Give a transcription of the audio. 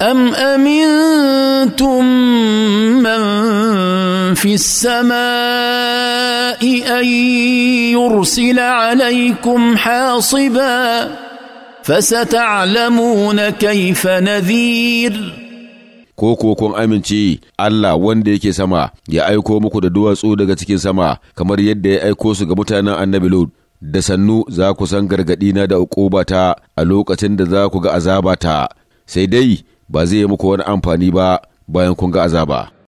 أم أمنتم من في السماء أن يرسل عليكم حاصبا فستعلمون كيف نذير ko ko kun amince Allah wanda yake sama ya aiko muku da duwatsu daga cikin sama kamar yadda ya aiko su ga mutanen annabi Lut da sannu za ku san gargaɗina da ukubata a lokacin da za ku ga azabata sai dai ba zai yi muku wani amfani ba bayan kun ga azaba.